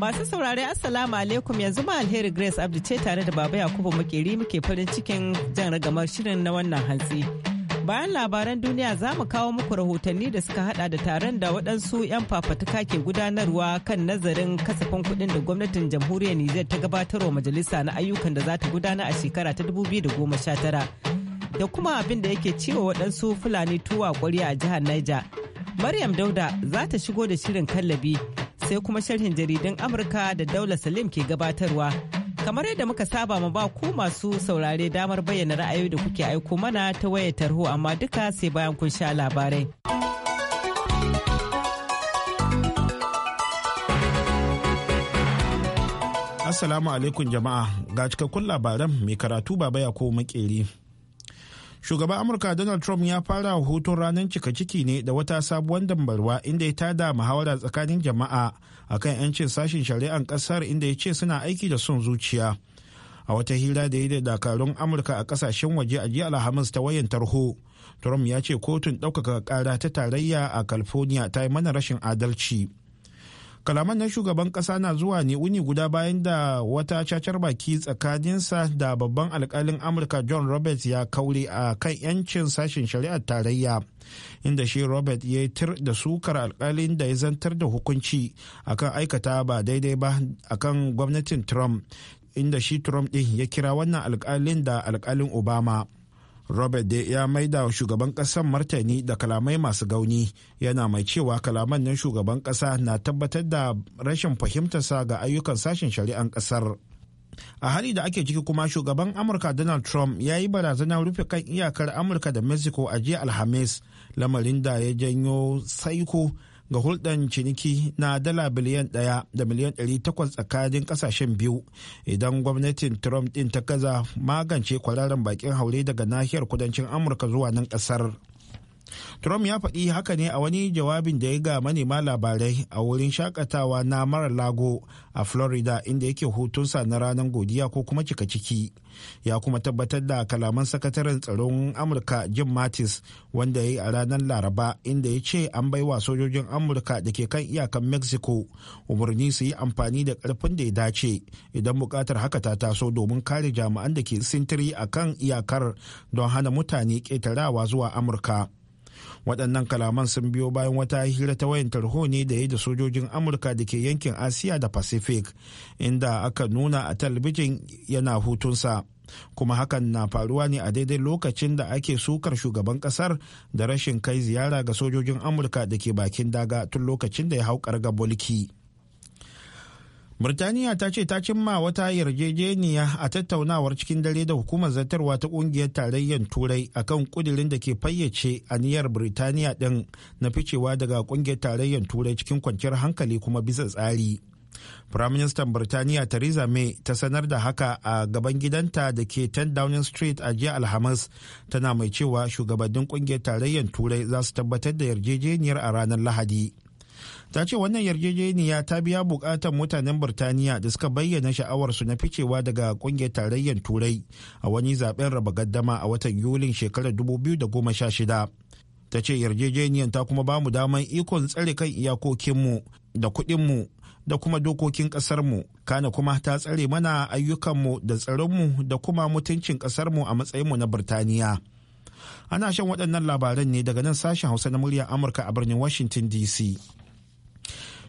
Masu saurari Assalamu alaikum yanzu ma alheri Grace Abdi ce tare da Baba Yakubu Makeri muke farin cikin jan ragamar shirin na wannan hantsi. Bayan labaran duniya za mu kawo muku rahotanni da suka hada da taron da waɗansu 'yan fafatuka ke gudanarwa kan nazarin kasafin kuɗin da gwamnatin jamhuriyar Nijar ta gabatar wa majalisa na ayyukan da za ta gudana a shekara ta 2019 da kuma abin da yake ciwo waɗansu Fulani tuwa ƙwarya a jihar Niger. Maryam Dauda za ta shigo da shirin kallabi sai kuma sharhin jaridun Amurka da Daula Salim ke gabatarwa. Kamar yadda muka saba ma ba ku masu saurare damar bayyana ra'ayoyi da kuke aiko mana ta wayar tarho amma duka sai bayan kun sha labarai. Assalamu alaikum jama'a ga cikakkun labaran mai karatu baba ya ko makeri. shugaban amurka donald trump ya fara hutun ranar cika ciki ne da wata sabuwar dambarwa inda ya tada muhawara tsakanin jama'a akan 'yancin sashen shari'ar kasar inda ya ce suna aiki da son zuciya a wata hira da ya da dakarun amurka a kasashen waje a jiya alhamis ta wayan tarho trump ya ce kotun ɗaukaka ƙara ta tarayya a california ta yi mana rashin adalci kalaman na shugaban kasa na zuwa ne wuni guda bayan da wata cacar baki tsakaninsa da babban alkalin amurka john roberts ya kaure a kan yancin sashen shari'ar tarayya inda shi robert ya tir da sukar alkalin da ya zantar da hukunci akan aikata ba daidai ba akan gwamnatin trump inda shi trump din ya kira wannan alkalin da alkalin obama robert dai ya maida shugaban ƙasar martani da kalamai masu gauni yana mai cewa kalaman nan shugaban kasa na tabbatar da rashin fahimtarsa ga ayyukan sashen shari'an kasar. a hali da ake ciki kuma shugaban amurka donald trump ya yi barazanar rufe kan iyakar amurka da mexico a jiya alhamis lamarin da ya janyo saiko ga hulɗan ciniki na dala biliyan ɗaya da miliyan ɗari takwas tsakanin ƙasashen biyu idan gwamnatin trump ɗin ta gaza magance kwararren bakin haure daga nahiyar kudancin amurka zuwa nan ƙasar Trump ya faɗi haka ne a wani jawabin da ya ga manema labarai a wurin shakatawa na mara lago a Florida inda yake hutunsa na ranar godiya ko kuma cika ciki. Ya kuma tabbatar da kalaman sakataren tsaron Amurka Jim Mattis wanda ya yi a ranar Laraba inda ya ce an baiwa sojojin Amurka da ke kan iyakan Mexico umarni su yi amfani da ƙarfin da ya dace idan buƙatar haka ta taso domin kare jami'an da ke sintiri a kan iyakar don hana mutane ƙetarawa zuwa Amurka. waɗannan kalaman sun biyo bayan wata hira ta wayan tarho ne da ya da sojojin amurka da ke yankin asiya da pacific inda aka nuna a talabijin yana hutunsa kuma hakan na faruwa ne a daidai lokacin da ake sukar shugaban kasar da rashin kai ziyara ga sojojin amurka da ke bakin daga tun lokacin da ya hau ga mulki. Birtaniya ta ce ta cimma wata yarjejeniya a tattaunawar cikin dare da hukumar zartarwa ta kungiyar tarayyar turai akan kudirin da ke fayyace aniyar Birtaniya din na ficewa daga kungiyar tarayyar turai cikin kwanciyar hankali kuma bisa tsari. Firaministan Birtaniya Theresa May ta sanar da haka a gaban gidanta da ke 10 Downing Street a jiya Alhamis tana mai cewa shugabannin kungiyar tarayyar turai za su tabbatar da yarjejeniyar a ranar Lahadi. ta ce wannan yarjejeniya ta biya bukatan mutanen birtaniya da suka bayyana sha'awarsu na ficewa daga kungiyar tarayyar turai a wani zaben raba gaddama a watan yulin shekarar 2016 ta ce yarjejeniyar ta kuma bamu daman ikon tsare kan iyakokinmu da kuɗinmu da kuma dokokin ƙasarmu kana kuma ta tsare mana ayyukanmu da tsaronmu da kuma mutuncin ƙasarmu a matsayinmu na birtaniya ana shan waɗannan labaran ne daga nan sashen hausa na murya amurka a birnin washington dc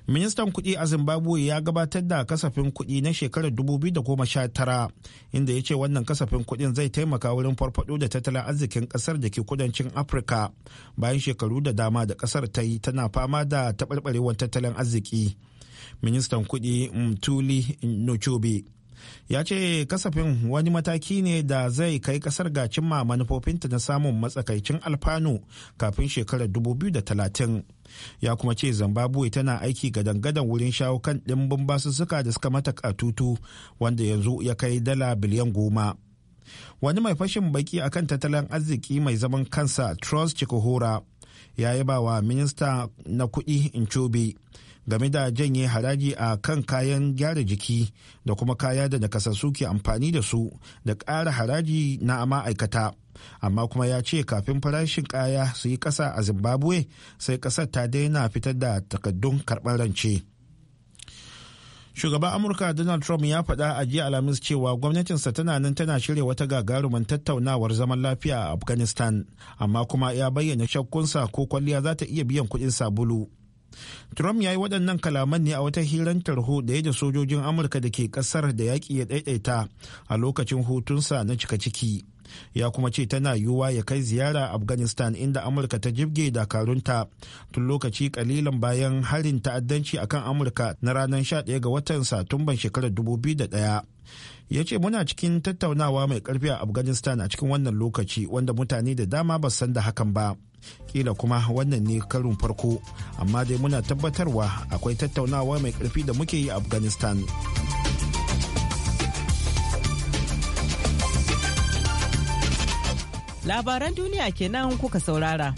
ministan kuɗi a zimbabwe ya gabatar da kasafin kuɗi na shekarar 2019 inda ya ce wannan kasafin kuɗin zai taimaka wurin farfaɗo da tattalin arzikin ƙasar da ke kudancin afirka bayan shekaru da dama da ƙasar ta yi tana fama da taɓarɓarewar tattalin arziki ministan kuɗi mtuli nuchobe ya ce kasafin wani mataki ne da zai kai kasar ga cimma manufofinta na samun matsakaicin alfanu kafin shekarar 2030 ya kuma ce zimbabwe tana aiki ga dangadan wurin shawo kan ɗimbin basussuka da suka mata katutu wanda yanzu ya kai dala biliyan goma wani mai fashin baki akan tattalin arziki mai zaman kansa trust chikuhura ya yaba wa minista na kuɗi incobe game da janye haraji a kan kayan gyara jiki da kuma kaya da nakasassu ke amfani da su da ƙara haraji na ma'aikata amma kuma ya ce kafin farashin kaya su yi ƙasa a zimbabwe sai ƙasar ta daina fitar da takaddun karɓar rance shugaban amurka donald trump ya faɗa a jiya alhamis cewa gwamnatinsa tana nan tana shirya wata gagarumin tattaunawar zaman lafiya a afghanistan amma kuma ya bayyana shakkunsa ko kwalliya za ta iya biyan kuɗin sabulu Trump ya yi waɗannan kalaman ne a wata hirar tarho da ya da sojojin Amurka da ke ƙasar da yaƙi ya ɗaiɗaita a lokacin hutunsa na cika ciki. Ya kuma ce tana yiwuwa ya kai ziyara Afghanistan inda Amurka ta jibge dakarunta tun lokaci kalilan bayan harin ta'addanci akan Amurka na ranar 11 ga watan Satumban shekarar 2001. ya ce muna cikin tattaunawa mai karfi a afghanistan a cikin wannan lokaci wanda mutane da dama ba san da hakan ba kila kuma wannan ne karin farko amma dai muna tabbatarwa akwai tattaunawa mai karfi da muke yi a afghanistan labaran duniya kenan kuka saurara.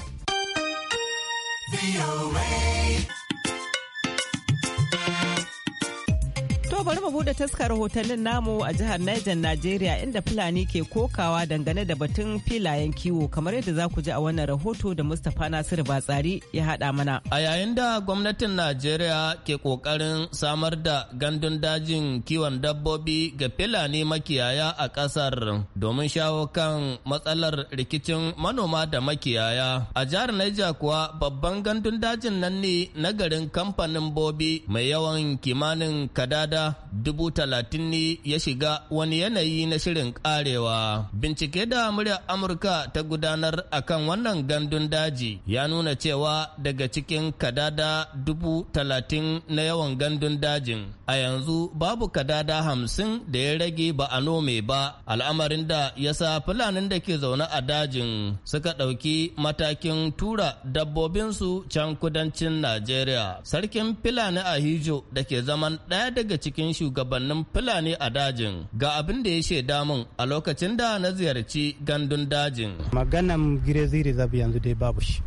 bari mu bude taskar rahotannin namu a jihar Niger Najeriya inda Fulani ke kokawa dangane da batun filayen kiwo kamar yadda za ku ji a wannan rahoto da Mustapha Nasir Batsari ya hada mana. A yayin da gwamnatin Najeriya ke kokarin samar da gandun dajin kiwon dabbobi ga Fulani makiyaya a kasar domin shawo kan matsalar rikicin manoma da makiyaya. A jihar Niger kuwa babban gandun dajin nan ne na garin kamfanin Bobi mai yawan kimanin kadada dubu talatin ne ya shiga wani yanayi na shirin karewa. Bincike da muryar Amurka ta gudanar a kan wannan gandun daji ya nuna cewa daga cikin kadada dubu talatin na yawan gandun dajin a yanzu babu kadada hamsin da ya rage ba a nome ba al'amarin da ya sa fulanin da ke zaune a dajin suka ɗauki matakin tura dabbobinsu can kudancin Najeriya. Sarkin Fulani hijo da ke zaman ɗaya daga cikin cikin shugabannin Fulani a dajin ga abin da ya shaida damun a lokacin da na ziyarci gandun dajin. Maganan Girezi Reserve yanzu dai babu shi,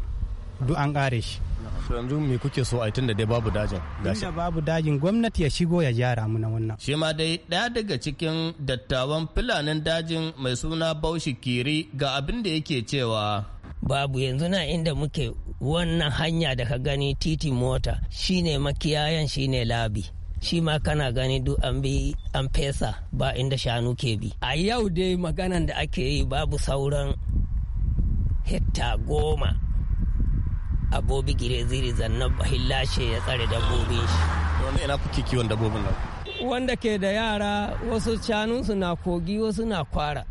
duk an kare shi. yanzu me kuke so a tunda dai babu dajin gashi babu dajin gwamnati ya shigo ya gyara mu na wannan shi ma dai daya daga cikin dattawan filanin dajin mai suna Baushi Kiri ga abin da yake cewa babu yanzu na inda muke wannan hanya da ka gani titi mota shine makiyayan shine labi shi ma kana gani duk an bi an fesa ba inda shanu ke bi a yau dai maganan da ake yi babu sauran hekta goma a Bobi gire ziri zannan lashe ya tsare dabbobin shi wanda ina kuke kiwon dabbobin nan wanda ke da yara wasu shanunsu na kogi wasu na kwara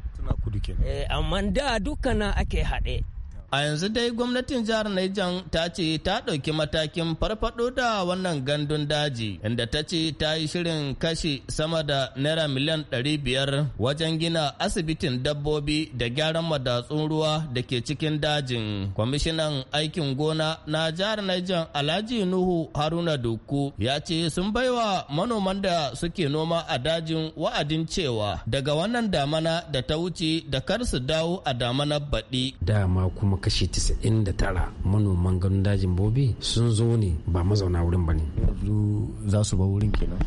eh, amma da dukkana ake haɗe A yanzu dai gwamnatin jihar Niger ta ce ta ɗauki matakin farfaɗo da wannan gandun daji inda ta ce ta yi shirin kashe sama da naira miliyan ɗari biyar wajen gina asibitin dabbobi da gyaran madatsun ruwa da ke cikin dajin. Kwamishinan aikin gona na jihar Niger Alhaji Nuhu Haruna Duku ya ce sun baiwa manoman da suke noma a dajin wa'adin cewa daga wannan damana da ta wuce da kar su dawo a damanar baɗi. Dama kuma kuma kashi 99 manoman ganun dajin bobi sun zo ne ba mazauna wurin ba ne za su ba wurin kenan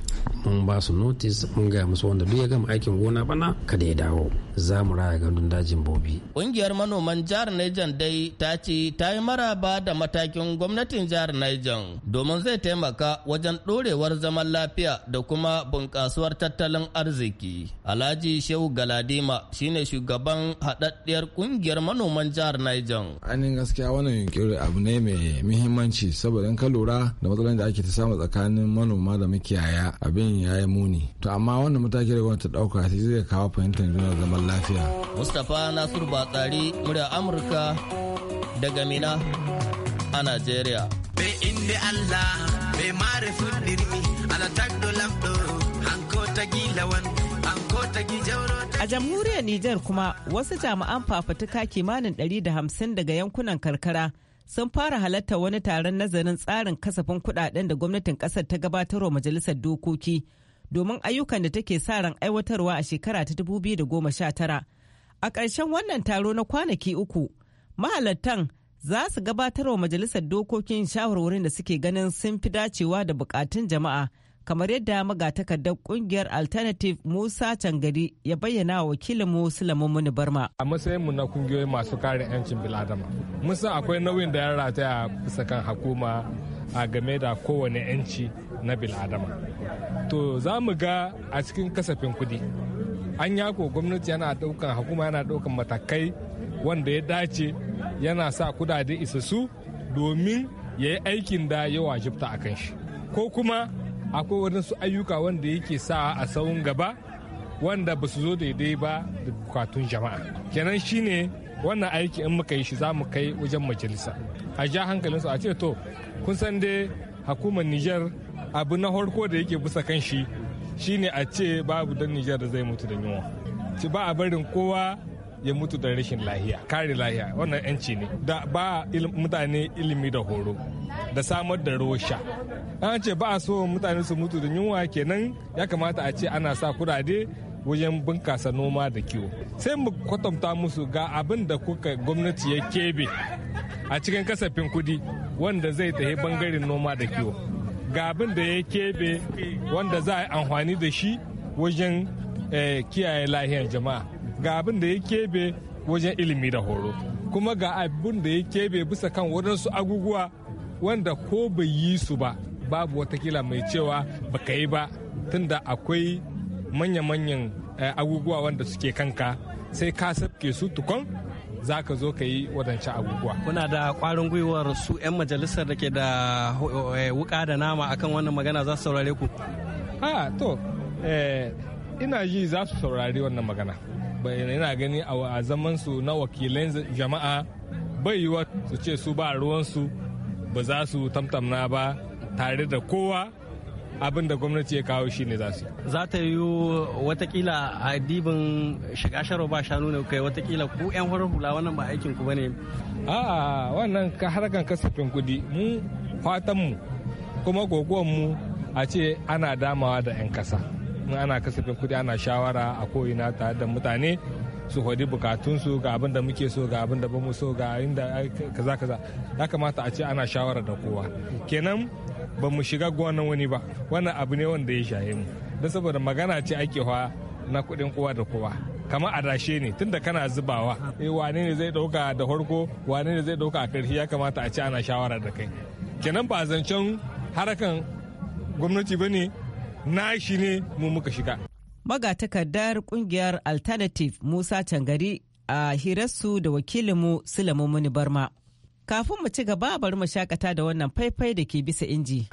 mun ba su notice mun gaya musu wanda duk ya gama aikin gona bana kada ya dawo za mu raya gandun dajin bobi ƙungiyar manoman jihar Niger dai ta ce ta yi maraba da matakin gwamnatin jihar Niger domin zai taimaka wajen ɗorewar zaman lafiya da kuma bunƙasuwar tattalin arziki Alhaji Shehu Galadima shine shugaban haɗaɗɗiyar ƙungiyar manoman jihar Niger yunkurin ainihin gaskiya wannan yunkuri abu ne mai muhimmanci saboda in ka lura da matsalar da ake ta samu tsakanin manoma da makiyaya abin ya yi muni to amma wannan mataki da gwamnati ɗauka sai zai kawo fahimtar juna zaman lafiya mustapha nasiru batsari murya amurka daga mina a najeriya be inde allah be mare ala tagdo hanko hanko A jamhuriyar Nijar kuma wasu jami'an fafutuka kimanin 150 daga yankunan karkara sun fara halatta wani taron nazarin tsarin kasafin kudaden da gwamnatin kasar ta gabatarwa majalisar dokoki domin ayyukan da take sa ran aiwatarwa a shekara ta 2019. A ƙarshen wannan taro na kwanaki uku, mahalattan za su gabatar wa majalisar dokokin shawarwarin da suke ganin sun fi dacewa da bukatun jama'a. kamar yadda magatakardar kungiyar alternative musa cangari ya bayyana wa wakilin sulamu muni barma a matsayin mu na kungiyoyi masu kare 'yancin biladama mun akwai nauyin da ya rataya bisa kan hakuma a game da kowane 'yanci na biladama to za mu ga a cikin kasafin kudi an yako gwamnati yana daukan hakuma yana daukan matakai wanda ya dace yana sa kudade isassu domin ya yi aikin da ya wajibta a kan shi ko kuma akwai wadansu ayyuka wanda yake sa a saun gaba wanda ba su zo daidai ba da bukatun jama'a kenan shine wannan aiki in muka yi shi za mu kai wajen majalisa a ja hankalinsu a ce to kun san dai hakumar niger abu na harko da yake bisa kan shi shine a ce babu don niger da zai mutu da yunwa ci ba a barin kowa ya mutu da rashin lahiya kare lahiya wannan yanci ne da ba mutane ilimi da horo da samar da rosha an ce ba a so mutane su mutu da yunwa kenan ya kamata a ce ana sa kudade wajen bunkasa noma da kiwo sai mu kwatanta musu ga abin da kuka gwamnati ya kebe a cikin kasafin kudi wanda zai tafi bangaren noma da kiwo ga abin da ya kebe wanda za a yi amfani da shi wajen eh, kiyaye lahiyar jama'a ga abin da ya kebe wajen ilimi da horo kuma ga abin da ya kebe bisa kan wadansu aguguwa wanda ko bai yi su ba babu watakila mai cewa baka yi ba tunda akwai manya-manyan eh, aguguwa wanda suke kanka sai ka sabke su tukon za ka zo ka yi wadancan abubuwa. Kuna da kwarin gwiwar su 'yan majalisar da ke da eh, wuka da nama akan wannan magana za su saurare ku? Ha, ah, to, eh, ina ji za su saurari wannan magana. yana gani a zaman su na wakilan jama'a bai yiwa su ce su ba ruwansu ba za su tamtamna ba tare da kowa abin da gwamnati ya kawo shi ne za su za ta yi watakila a dibin shiga sharo ba shanu ne kai watakila ku yan farar hula wannan ba aikin ku bane a'a wannan harkan kasafin kudi mu fatanmu kuma goguwan a ce ana damawa da yan kasa in ana kasafin kudi ana shawara a ko'ina tare da mutane su hodi bukatunsu ga abin da muke so ga abin da mu so ga inda kaza kaza ya kamata a ce ana shawara da kowa kenan ba mu shiga gonan wani ba wannan abu ne wanda ya shaye mu don saboda magana ce ake na kudin kowa da kowa kamar adashe ne tunda kana zubawa eh, wane ne zai dauka da farko wane ne zai dauka a karshe ya kamata a ce ana shawara da kai kenan ba zancen harakan gwamnati ba ne nashi ne mu muka shiga magatakardar kungiyar alternative musa cangari a hirarsu da wakilinmu sulemu muni barma kafin mu ci gaba bari mu shakata da wannan faifai da ke bisa inji.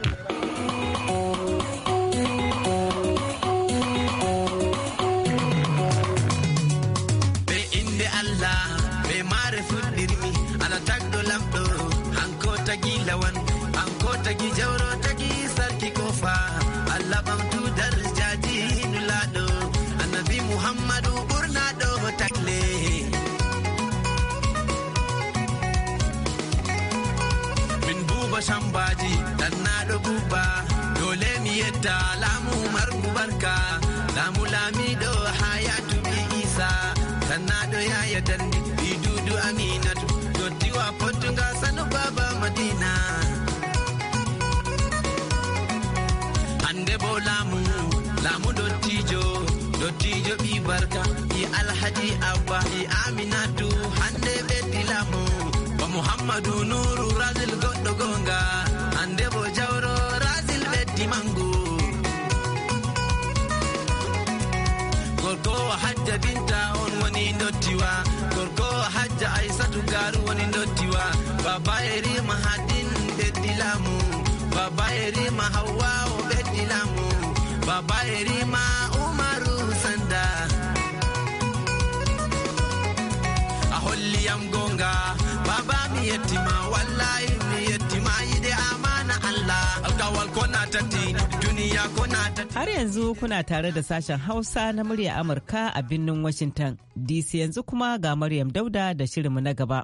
dakta lamu margu barka lamu lamido hayatu bi isa sannado yaya dandi bi dudu aminatu dottiwa potunga sanu baba madina ande bo lamu lamu dottijo dottijo bi barka bi alhaji abba aminatu hande ɓeddi lamu ba muhammadu nuru radil gonga Har yanzu kuna tare da sashen Hausa na murya Amurka a birnin Washington DC yanzu kuma ga Maryam Dauda da shirinmu na gaba.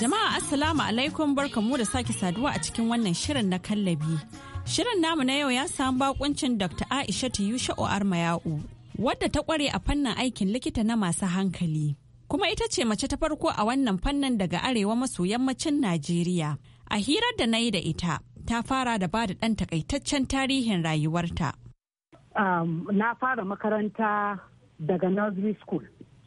Jama'a Assalamu alaikum barkamu da sake saduwa a cikin wannan shirin na kallabi. Shirin namu na yau ya samu bakuncin Dr. Aisha Yusha'u Armayau wadda ta kware a fannin aikin likita na masu hankali. Kuma ita ce mace ta farko a wannan fannin daga arewa maso yammacin Najeriya. A hirar da na yi da ita, ta fara da ba da ɗan takaitaccen tarihin rayuwarta. Um, na fara makaranta daga nursery school.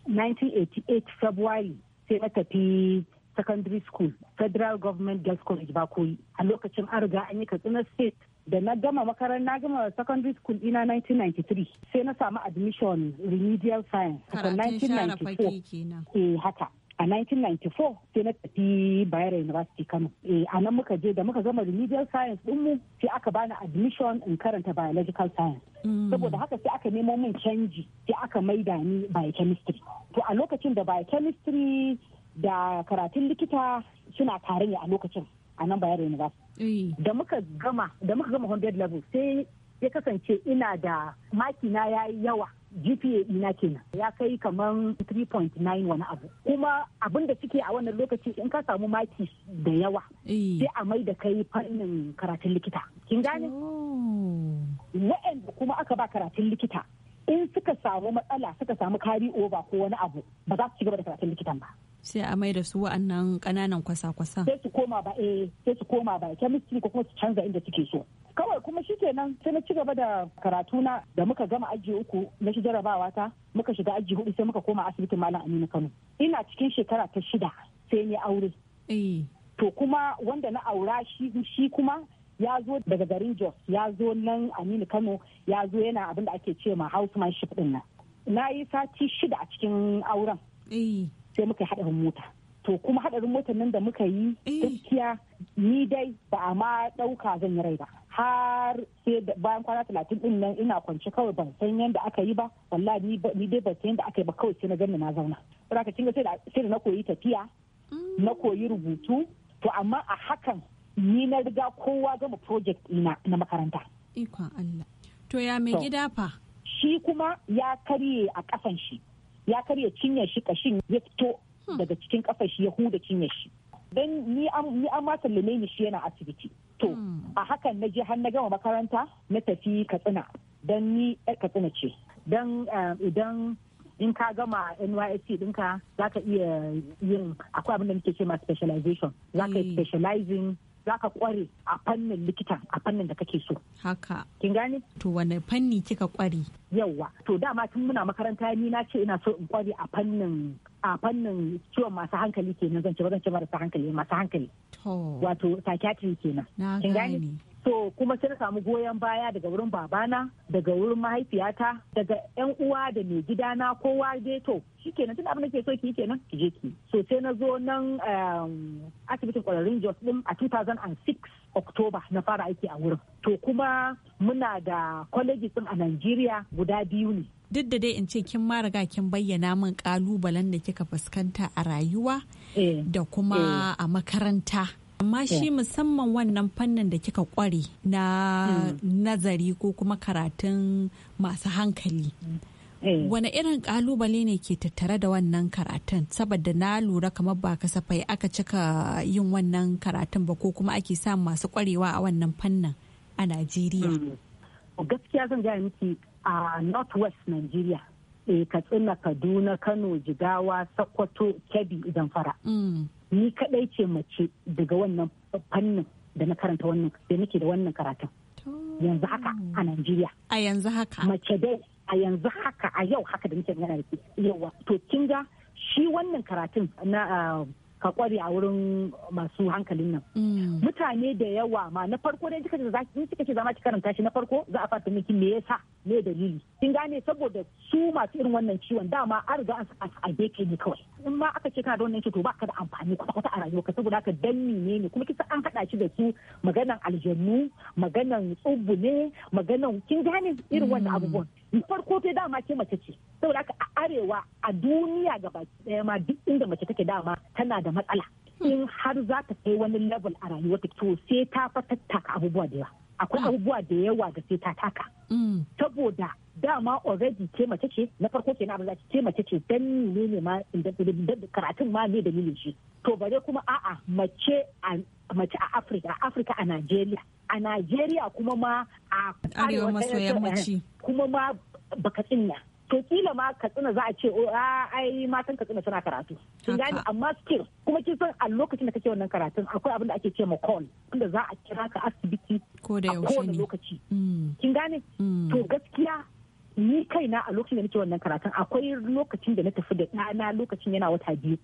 1988 February sai na tafi secondary school, Federal Government Girls College Bakoyi. A lokacin an riga an yi Katsina State da na gama makarar na gama secondary school ina 1993 sai na samu admission remedial science a 1994 eh haka a 1994 sai na tafi bayero university kano eh, a nan muka je da muka gama remedial science mu sai aka bani admission in karanta biological science mm. saboda haka sai aka nemo min canji sai aka maida ni biochemistry to a lokacin da biochemistry da karatun likita suna tare ne a lokacin a nan bayar university da muka gama da muka gama 100 level sai ya kasance ina da maki na yi yawa GPA ina kenan ya kai kamar 3.9 wani abu kuma abin da suke a wannan lokaci in ka samu maki da yawa sai a mai da kai fannin karatun likita kin gane oh. wa'anda kuma aka ba karatun likita in suka samu matsala suka samu kari over ko wani abu ba za su ci gaba da karatun likitan ba sai a mai da su wa'annan kananan kwasa-kwasa sai su koma ba eh sai su koma ba chemistry ko kuma su canza inda suke so kawai kuma shi kenan sai na ci gaba da karatuna da muka gama aji uku na shi jarabawa ta muka shiga aji hudu sai muka koma asibitin malam aminu kano ina cikin shekara ta shida sai ni aure eh. to kuma wanda na aura shi shi kuma ya zo daga garin jos ya zo nan aminu kano ya zo yana abin da ake ce ma housemanship din nan na yi sati shida a cikin auren eh. sai muka haɗarin mota to kuma haɗarin motar nan da muka yi eh. gaskiya ni dai ba a ma ɗauka zan yi rai ba har sai bayan kwana talatin ɗin nan ina kwance kawai ban san yadda aka yi ba wallahi ni dai ban san yadda aka yi ba kawai sai na ganni na zauna saboda kinga sai da na koyi tafiya mm. na koyi rubutu to amma a hakan ni na riga kowa gama project ina na makaranta ikon Allah to ya mai gida fa shi kuma ya karye a kasan shi ya karya cinyar shi kashin ya fito hmm. daga cikin kafar shi ya huda cinyar shi dan ni an ma sallame ni shi yana asibiti to hmm. a hakan na je har na gama makaranta na tafi katsina dan ni yar katsina ce dan eh, idan in ka gama NYSC dinka za ka iya yin akwai abin da muke cewa specialization za yi eh. specializing za ka kware a fannin likitan a fannin da kake so. Haka. Kin gane? To wane fanni kika kware? Yawwa. To dama tun muna makaranta ni na ce ina so in kware a fannin a fannin ciwon masu hankali kenan zan ba zance marasa hankali masu hankali. To. Wato psychiatry kenan. Na gane. so kuma sai na samu goyon baya daga wurin babana daga wurin mahaifiyata daga yan uwa da mai gidana kowa dai to shikenan tun abin da ke so ki kenan ki je ki so sai na zo nan um, asibitin kwararrun jos din a 2006 Oktoba na fara aiki a wurin to kuma muna da colleges din a Najeriya guda biyu ne duk da dai in ce kin ma riga kin bayyana min kalubalen da kika fuskanta a rayuwa eh. da kuma eh. a makaranta amma shi musamman wannan fannin da kika kware na hmm. nazari ko kuma karatun masu hankali eh. wane irin kalubale ne ke tattare da wannan karatun saboda na lura kamar ba kasafai aka cika yin wannan karatun ba ko kuma ake samun masu kwarewa a wannan fannin a najeriya hmm. gaskiya zan gaya miki a northwest nigeria eh, katsina kaduna kano jigawa sokoto kebbi zamfara hmm. ni kadai ce mace daga wannan fannin da na karanta wannan da nake da wannan karatun yanzu haka a Najeriya a yanzu haka mace dai a yanzu haka a yau haka da nake magana da ke yauwa. to kin ga shi wannan karatun na ah, ka kware a wurin masu hankalin nan mm. mutane da yawa ma na farko dai kika in kika ce zama ki karanta shi na farko za a fata miki me yasa me dalili kin gane saboda su masu irin wannan ciwon dama an riga an saka a gefe ne kawai in ma aka ce kana da wannan to ba ka da amfani kwata kwata a ka saboda haka danni ne ne kuma kisa an hada shi da su maganan aljannu maganan tsubu ne maganan kin gane irin wannan mm. abubuwan farko ta dama ce mace ce saboda haka arewa a duniya gaba daya ma duk inda mace take dama tana da matsala in har za ta kai wani level a rayuwarta to sai ta fa tattaka abubuwa da yawa akwai ah. abubuwa da yawa da sai ta taka mm. saboda dama already ce mace ce na farko na abin zaki ce mace ce dan ne ne ma karatun ma ne dalilin shi to bare kuma a'a mace a mace a Afirka a Afirka a nigeria a nigeria kuma ma a arewa maso yammaci kuma ma baka tsinna to kila ma katsina za a ce o oh, ai matan katsina suna karatu sun gani amma skill kuma kin san a lokacin da kake wannan karatun akwai abin da ake ce call inda za a kira ka asibiti ko da yaushe lokaci mm. kin gane mm. to gaskiya ni kaina a lokacin da nake wannan karatun akwai lokacin da na tafi da ɗana lokacin yana wata biyu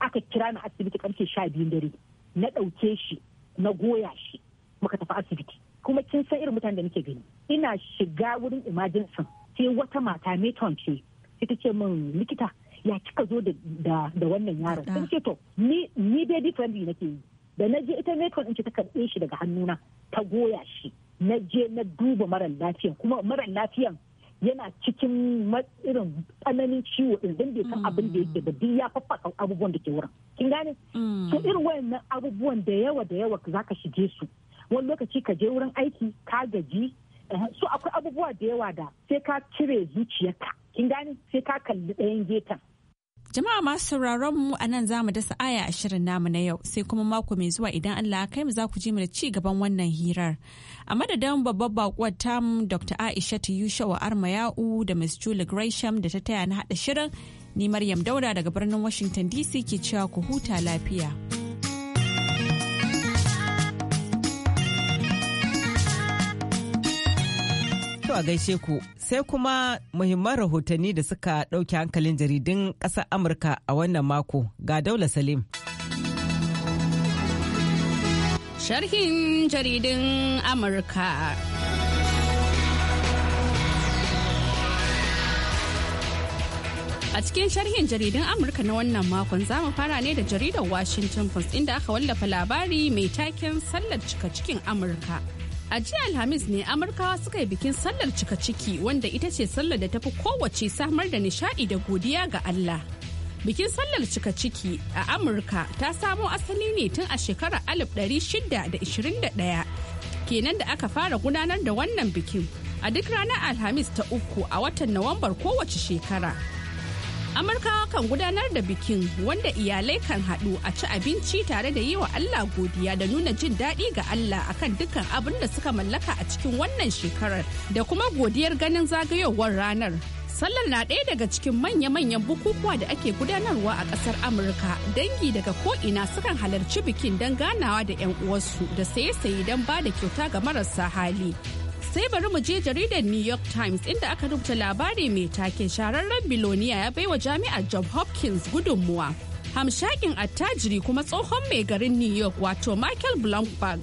aka kira ni asibiti karfe sha biyun dare na ɗauke shi na goya shi muka tafi asibiti kuma kin san irin mutanen da nake gani ina shiga wurin imajinsin sai wata mata meton ce sai ce min likita ya kika zo da wannan yaron sun ce to ni ni dai differently nake yi da na je ita meton in ce ta karɓe shi daga hannuna ta goya shi na je na duba mara lafiyan kuma mara lafiyan yana cikin irin tsananin ciwo din don bai san abin da yake da ya faffaka abubuwan da ke wurin kin gane to mm. irin wayannan abubuwan da yawa da yawa zaka shige su wani lokaci ka je wurin aiki ka gaji so akwai abubuwa da yawa da sai ka cire zuciyarka kin gani sai ka kalli ɗayan gefen Jama'a masu sauraron mu a nan za mu dasa aya a shirin namu na yau sai kuma mako mai zuwa idan Allah kai mu za ku ji mu da ci gaban wannan hirar. A madadin babbar bakuwar tam Dr. Aisha Yushawa Armayau da Ms. Julie Gresham da ta taya na haɗa shirin ni Maryam Dauda daga birnin Washington DC ke cewa ku huta lafiya. To a gaishe ku sai kuma muhimman rahotanni da suka ɗauke hankalin jaridun ƙasar Amurka a wannan mako ga Daula Salim. Sharhin jaridun Amurka. A cikin sharhin jaridun Amurka na wannan makon za mu fara ne da jaridar Washington Post inda aka wallafa labari mai taken sallar cika cikin Amurka A jiya Alhamis ne Amurkawa suka yi bikin sallar cika ciki wanda ita ce sallar da tafi kowace samar da nishadi da godiya ga Allah. Bikin sallar cika ciki a Amurka ta samo asali ne tun a shekarar 1621 kenan da aka fara gudanar da wannan bikin a duk ranar Alhamis ta uku a watan Nuwambar kowace shekara. amurkawa kan gudanar da bikin wanda iyalai kan haɗu a ci abinci tare da yi wa allah godiya da nuna jin daɗi ga allah akan dukkan abin da suka mallaka a cikin wannan shekarar da kuma godiyar ganin zagayowar ranar sallar na ɗaya daga cikin manya-manyan bukukuwa da ake gudanarwa a ƙasar amurka dangi daga ko'ina sukan halarci bikin don ganawa da 'yan uwarsu da saye-saye don ba da kyauta ga marasa hali sai bari mu je jaridar new york times inda aka rubuta labari mai take shararren biloniya ya baiwa jami'ar john hopkins gudunmuwa hamshakin attajiri kuma tsohon mai garin new york wato michael bloomberg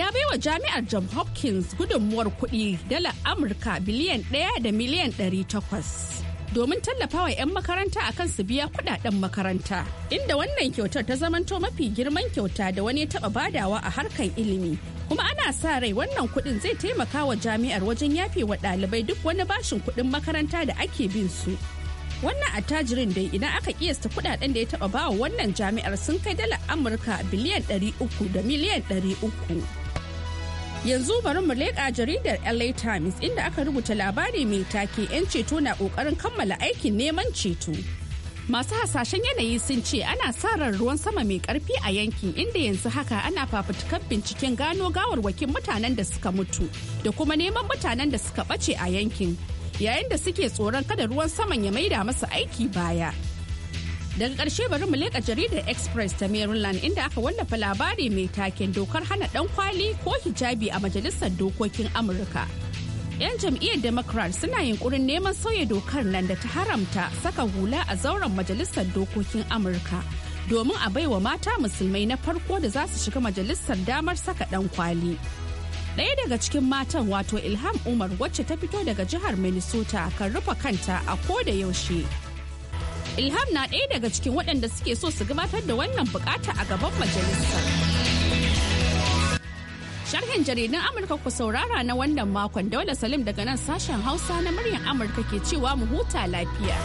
ya baiwa jami'ar john hopkins gudunmuwar kuɗi dala amurka biliyan ɗaya da miliyan ɗari takwas. domin tallafawa 'yan makaranta a kan su biya kudaden makaranta inda wannan kyautar ta zamanto mafi girman kyauta da wani ya taɓa badawa a harkan ilimi kuma ana sa rai wannan kuɗin zai taimaka wa jami'ar wajen yafe wa ɗalibai duk wani bashin kuɗin makaranta da ake bin su wannan attajirin dai idan aka kiyasta kudaden da ya taɓa bawa wannan jami'ar sun kai dalar amurka biliyan 300 da miliyan 300 yanzu bari mu leƙa jaridar la times inda aka rubuta labari mai take 'yan ceto na ƙoƙarin kammala aikin neman ceto masu hasashen yanayi sun ce ana sa ran ruwan sama mai ƙarfi a yankin inda yanzu haka ana fafutukar binciken gano gawarwakin mutanen da suka mutu da kuma neman mutanen da suka ɓace a yankin yayin da suke tsoron kada ruwan saman ya maida masu aiki baya Daga ƙarshe bari mu leƙa jaridar Express ta Maryland inda aka wallafa labari mai taken dokar hana ɗan kwali ko hijabi a majalisar dokokin Amurka. 'yan jam'iyyar democrat suna yunkurin neman sauya dokar nan da ta haramta saka hula a zauren majalisar dokokin amurka domin a baiwa mata musulmai na farko da za su shiga majalisar damar saka dan kwali ɗaya daga cikin matan wato ilham umar wacce ta fito daga jihar minnesota kan rufe kanta a ko da yaushe Ilham na ɗaya daga cikin waɗanda suke so su gabatar da wannan bukata a gaban majalisar. Sharhin jaridun Amurka ku saurara na wannan makon Daula Salim daga nan sashen Hausa na muryar Amurka ke cewa mu huta lafiya.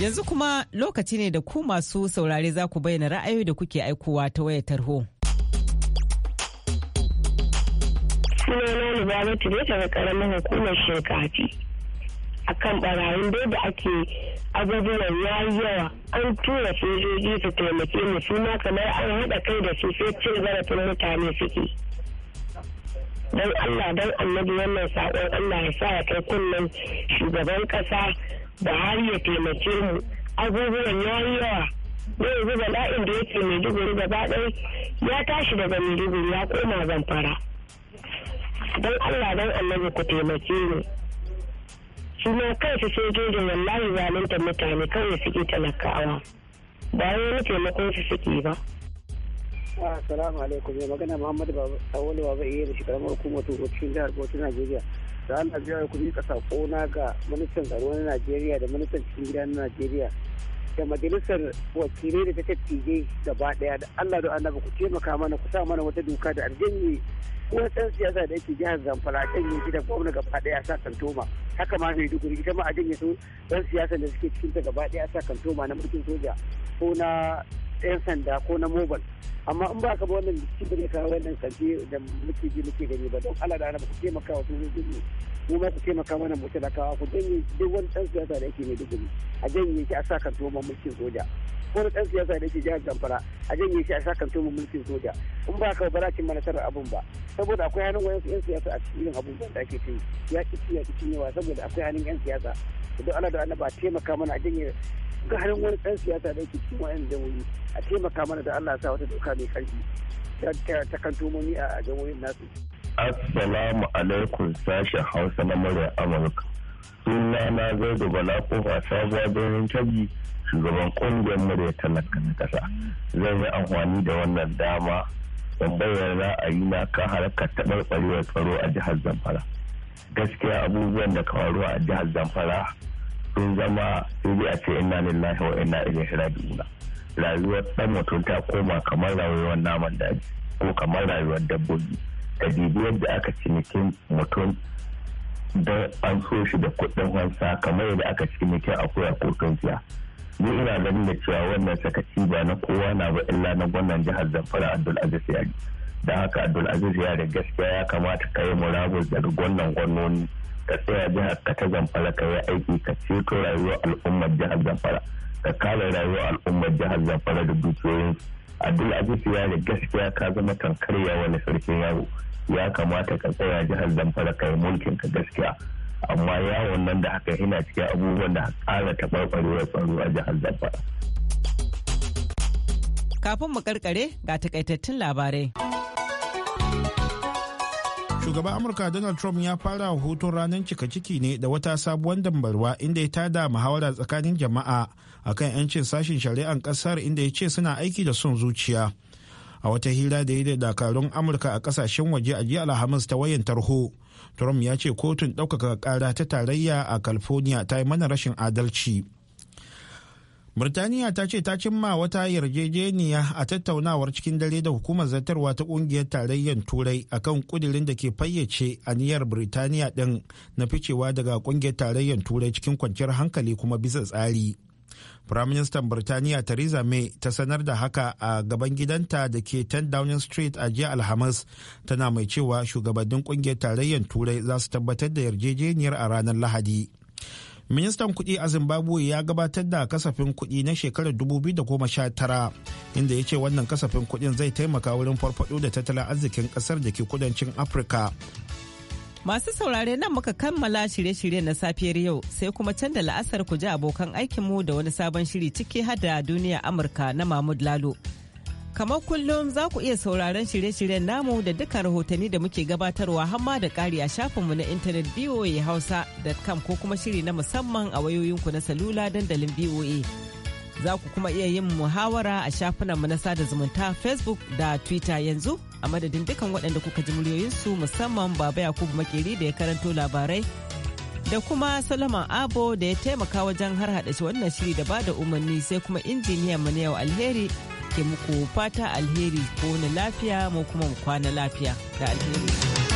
Yanzu kuma lokaci ne da ku masu saurare za ku bayyana ra'ayoyi da kuke aikowa ta wayar tarho. Sunana Lubabatu ne daga ƙaramin hukumar Shinkafi. a kan barayin dai da ake abubuwan ya yi yawa an tura sojoji su taimake mu su ma kamar an haɗa kai da su sai cin zarafin mutane suke don allah don annabi wannan saƙon allah ya sa ya kai kunnen shugaban ƙasa da har ya taimake mu abubuwan ya yi yawa da yanzu bala'in da yake maiduguri gaba ɗaya ya tashi daga maiduguri ya koma zamfara don allah don annabi ku taimake mu. su ma kansu sojojin wallahi zalunta mutane kawai suke talakawa ba ya wani taimakon su suke ba Assalamu alaikum ya magana Muhammadu Awolu Baba iya da shekarar hukumar cikin jihar Bauchi Najeriya. Da Allah biya ku ko na ga ministan tsaro na Najeriya da ministan cikin gida na Najeriya da majalisar wakilai da ta tattije gaba daya da Allah da annabi ku taimaka mana ku sa mana wata doka da arjanye wani ɗan siyasa da yake jihar Zamfara kan yin gidan da gwamna gaba daya sa toma haka ma mai duguri ita ma a janye su dan siyasa da suke cikin ta gaba daya sa kantoma na mulkin soja ko na 'yan sanda ko na mobile amma in ba ka ba wannan jiki da ka wannan kanti da muke ji muke gani ba don Allah da ana ku taimaka wa sojojin mu mu ma ku taimaka mana mu talakawa ku janye duk wani ɗan siyasa da yake mai a janye ki a sa kan mulkin soja wani ɗan siyasa da ke jihar zamfara a janye shi a sa tumu mulkin soja in ba ka ba cin manasarar abun ba saboda akwai hannun wayan yan siyasa a cikin abubuwan da ake cin ya kici ya kici yawa saboda akwai hannun yan siyasa idan ana da annaba taimaka mana a janye ga hannun wani ɗan siyasa da yake cikin wayan jamoyi a taimaka mana da Allah sa wata doka mai karfi ta kan ni a jamoyin nasu. Assalamu alaikum sashen Hausa na murya Amurka. Sunana Zaidu Bala Kofa sabuwa birnin tabi shugaban kungiyar murya talaka na kasa zan yi amfani da wannan dama don bayyana ra'ayi na kan harkar taɓarɓarewar tsaro a jihar zamfara gaskiya abubuwan da kawaru a jihar zamfara sun zama iri a ce ina lillahi wa inna ilaihi raji'una rayuwar ɗan mutum ta koma kamar rayuwar naman daji ko kamar rayuwar dabbobi ka dibi yadda aka cinikin mutum don an so shi da kuɗin wansa kamar yadda aka cinikin akuya ko jiya. ni ina ganin da cewa wannan sakaci ba na kowa na ba illa na gwamnan jihar zamfara abdulaziz yi da haka abdulaziz da gaskiya ya kamata ka yi murabus daga gwamnan gwamnoni ka tsaya jihar ka ta zamfara ka yi aiki ka ceto rayuwar al'ummar jihar zamfara ka kare rayuwar al'ummar jihar zamfara da dukiyoyin abdulaziz da gaskiya ka zama tankarya wani sarkin yaro ya kamata ka tsaya jihar zamfara ka yi mulkin ka gaskiya amma yawon nan da aka yana cikin abubuwan da ƙara taɓarɓarewar tsaro a jihar zamfara. kafin mu karkare ga takaitattun labarai shugaban amurka donald trump ya fara hutun ranar cika ciki ne da wata sabuwar dambarwa inda ya tada muhawara tsakanin jama'a akan 'yancin sashen shari'ar kasar inda ya ce suna aiki da son zuciya a wata hira da ya da dakarun amurka a kasashen waje a jiya alhamis ta wayan tarho trump ya ce kotun ɗaukaka ƙara ta tarayya a california ta yi mana rashin adalci Birtaniya ta ce ta cimma wata yarjejeniya a tattaunawar cikin dare da hukumar zartarwa ta ƙungiyar tarayyar turai akan kudirin da ke fayyace aniyar Birtaniya din na ficewa daga ƙungiyar tarayyar turai cikin kwanciyar hankali kuma bisa tsari. Firaministan Birtaniya Theresa May ta sanar da haka a gaban gidanta da ke 10 Downing Street a jiya Alhamis tana mai cewa shugabannin kungiyar tarayyar Turai za su tabbatar da yarjejeniyar a ranar Lahadi. Ministan kuɗi a Zimbabwe ya gabatar da kasafin kuɗi na shekarar 2019 inda ya ce wannan kasafin kuɗin zai taimaka wurin farfaɗo da tattalin arzikin ƙasar da ke kudancin Afirka Masu saurare nan muka kammala shirye shiryen na safiyar yau sai kuma can da la'asar ku ji abokan aikinmu da wani sabon shiri ciki hada da duniya Amurka na Mahmud Lalo. Kamar kullum za ku iya sauraron shirye-shiryen namu da duka rahotanni da muke gabatarwa hamma da ƙari a shafinmu na intanet voahausa.com ko kuma shiri na musamman a wayoyinku na salula dandalin BOA. Za ku kuma iya yin muhawara a shafinanmu na sada zumunta Facebook da Twitter yanzu a madadin dukan waɗanda kuka ji muryoyinsu musamman baba yakubu makeri da ya karanto labarai da kuma salama abo da ya taimaka wajen har hada shi wannan shiri da bada umarni sai kuma injiniyan mu na yau alheri ke muku fata alheri ko na lafiya mu kuma mu kwana lafiya da alheri